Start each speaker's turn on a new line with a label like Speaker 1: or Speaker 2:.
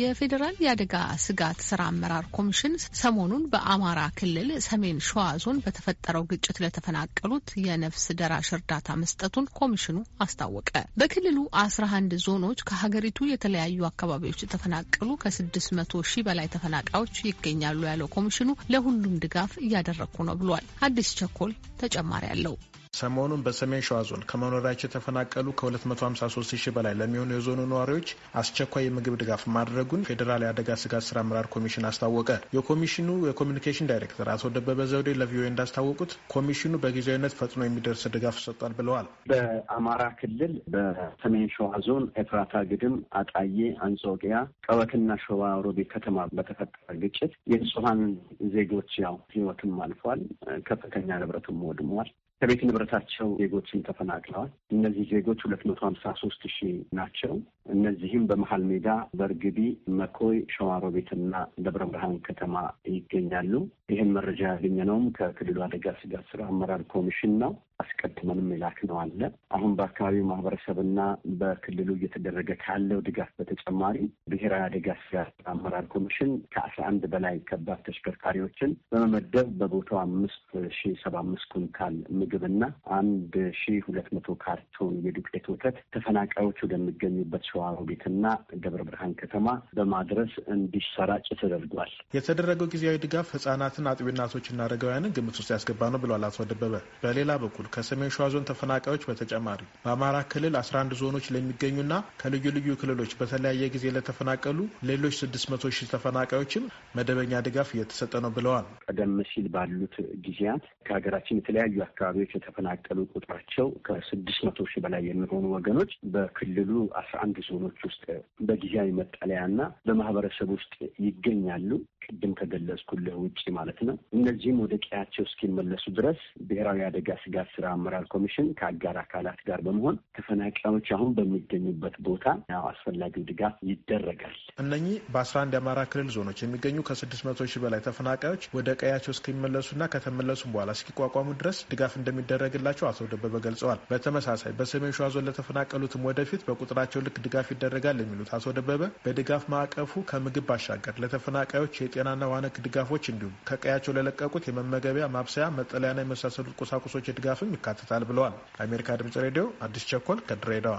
Speaker 1: የፌዴራል የአደጋ ስጋት ስራ አመራር ኮሚሽን ሰሞኑን በአማራ ክልል ሰሜን ሸዋ ዞን በተፈጠረው ግጭት ለተፈናቀሉት የነፍስ ደራሽ እርዳታ መስጠቱን ኮሚሽኑ አስታወቀ። በክልሉ አስራ አንድ ዞኖች ከሀገሪቱ የተለያዩ አካባቢዎች የተፈናቀሉ ከስድስት መቶ ሺህ በላይ ተፈናቃዮች ይገኛሉ ያለው ኮሚሽኑ ለሁሉም ድጋፍ እያደረግኩ ነው ብሏል። አዲስ ቸኮል ተጨማሪ አለው።
Speaker 2: ሰሞኑን በሰሜን ሸዋ ዞን ከመኖሪያቸው የተፈናቀሉ ከ253 ሺህ በላይ ለሚሆኑ የዞኑ ነዋሪዎች አስቸኳይ የምግብ ድጋፍ ማድረጉን ፌዴራል የአደጋ ስጋት ስራ አመራር ኮሚሽን አስታወቀ። የኮሚሽኑ የኮሚኒኬሽን ዳይሬክተር አቶ ደበበ ዘውዴ ለቪኦኤ እንዳስታወቁት ኮሚሽኑ በጊዜያዊነት ፈጥኖ የሚደርስ ድጋፍ ሰጥቷል ብለዋል።
Speaker 3: በአማራ ክልል በሰሜን ሸዋ ዞን ኤፍራታ ግድም፣ አጣዬ፣ አንጾቅያ፣ ቀበትና ሸዋ ሮቤ ከተማ በተፈጠረ ግጭት የንጹሀን ዜጎች ያው ህይወትም አልፏል። ከፍተኛ ንብረትም ወድሟል። ከቤት ንብረታቸው ዜጎችም ተፈናቅለዋል። እነዚህ ዜጎች ሁለት መቶ ሀምሳ ሶስት ሺህ ናቸው። እነዚህም በመሀል ሜዳ፣ በእርግቢ፣ መኮይ፣ ሸዋሮቤትና ደብረ ብርሃን ከተማ ይገኛሉ። ይህን መረጃ ያገኘነውም ከክልሉ አደጋ ስጋት ስራ አመራር ኮሚሽን ነው። አስቀድመንም ነው አለ። አሁን በአካባቢው ማህበረሰብና በክልሉ እየተደረገ ካለው ድጋፍ በተጨማሪ ብሔራዊ አደጋ ስጋት አመራር ኮሚሽን ከአስራ አንድ በላይ ከባድ ተሽከርካሪዎችን በመመደብ በቦታው አምስት ሺ ሰባ አምስት ኩንታል ምግብና አንድ ሺ ሁለት መቶ ካርቶን የዱቄት ወተት ተፈናቃዮች ወደሚገኙበት ሸዋሮቢትና ደብረ ብርሃን ከተማ በማድረስ እንዲሰራጭ ተደርጓል።
Speaker 2: የተደረገው ጊዜያዊ ድጋፍ ህጻናትን፣ አጥቢ እናቶችና አረጋውያንን ግምት ውስጥ ያስገባ ነው ብለዋል አቶ ደበበ። በሌላ በኩል ከ ከሰሜን ሸዋ ዞን ተፈናቃዮች በተጨማሪ በአማራ ክልል 11 ዞኖች ለሚገኙና ከልዩ ልዩ ክልሎች በተለያየ ጊዜ ለተፈናቀሉ ሌሎች 600 ሺህ ተፈናቃዮችም መደበኛ ድጋፍ እየተሰጠ ነው ብለዋል።
Speaker 3: ቀደም ሲል ባሉት ጊዜያት ከሀገራችን የተለያዩ አካባቢዎች የተፈናቀሉ ቁጥራቸው ከ600 ሺህ በላይ የሚሆኑ ወገኖች በክልሉ 11 ዞኖች ውስጥ በጊዜያዊ መጠለያና በማህበረሰብ ውስጥ ይገኛሉ። ቅድም ከገለጽኩልህ ውጭ ማለት ነው። እነዚህም ወደ ቀያቸው እስኪመለሱ ድረስ ብሔራዊ አደጋ ስጋት ስራ አመራር ኮሚሽን ከአጋር አካላት ጋር በመሆን ተፈናቃዮች አሁን በሚገኙበት ቦታ አስፈላጊው ድጋፍ ይደረጋል።
Speaker 2: እነኚህ በአስራ አንድ የአማራ ክልል ዞኖች የሚገኙ ከስድስት መቶ ሺህ በላይ ተፈናቃዮች ወደ ቀያቸው እስኪመለሱና ከተመለሱም በኋላ እስኪቋቋሙ ድረስ ድጋፍ እንደሚደረግላቸው አቶ ደበበ ገልጸዋል። በተመሳሳይ በሰሜን ሸዋ ዞን ለተፈናቀሉትም ወደፊት በቁጥራቸው ልክ ድጋፍ ይደረጋል የሚሉት አቶ ደበበ በድጋፍ ማዕቀፉ ከምግብ ባሻገር ለተፈናቃዮች የጤናና ዋነክ ድጋፎች እንዲሁም ከቀያቸው ለለቀቁት የመመገቢያ ማብሰያ፣ መጠለያና የመሳሰሉት ቁሳቁሶች ድጋፍም ይካል ያካትታል ብለዋል። ለአሜሪካ ድምጽ ሬዲዮ አዲስ ቸኮል ከድሬዳዋ